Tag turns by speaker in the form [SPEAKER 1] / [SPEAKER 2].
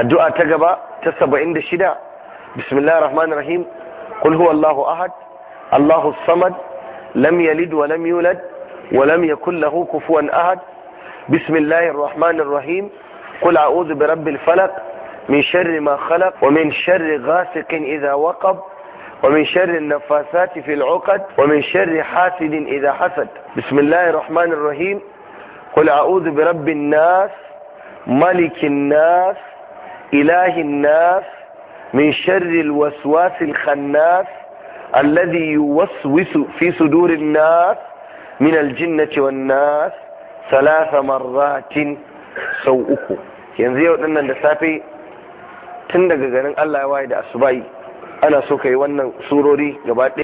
[SPEAKER 1] الدعاء تقبى تسبع عند الشداء بسم الله الرحمن الرحيم قل هو الله أحد الله الصمد لم يلد ولم يولد ولم يكن له كفوا أحد بسم الله الرحمن الرحيم قل أعوذ برب الفلق من شر ما خلق ومن شر غاسق إذا وقب ومن شر النفاسات في العقد ومن شر حاسد إذا حسد بسم الله الرحمن الرحيم قل أعوذ برب الناس ملك الناس Ilahin nnaf min sharri waswasi lkhannaf alladhi yuwaswisu fi suduri nnaf min aljinnati wan nas salasa marratin sau uku yanzu yau din nan da safe tun daga garin Allah ya wayi da asubai ana so kai wannan surori
[SPEAKER 2] gaba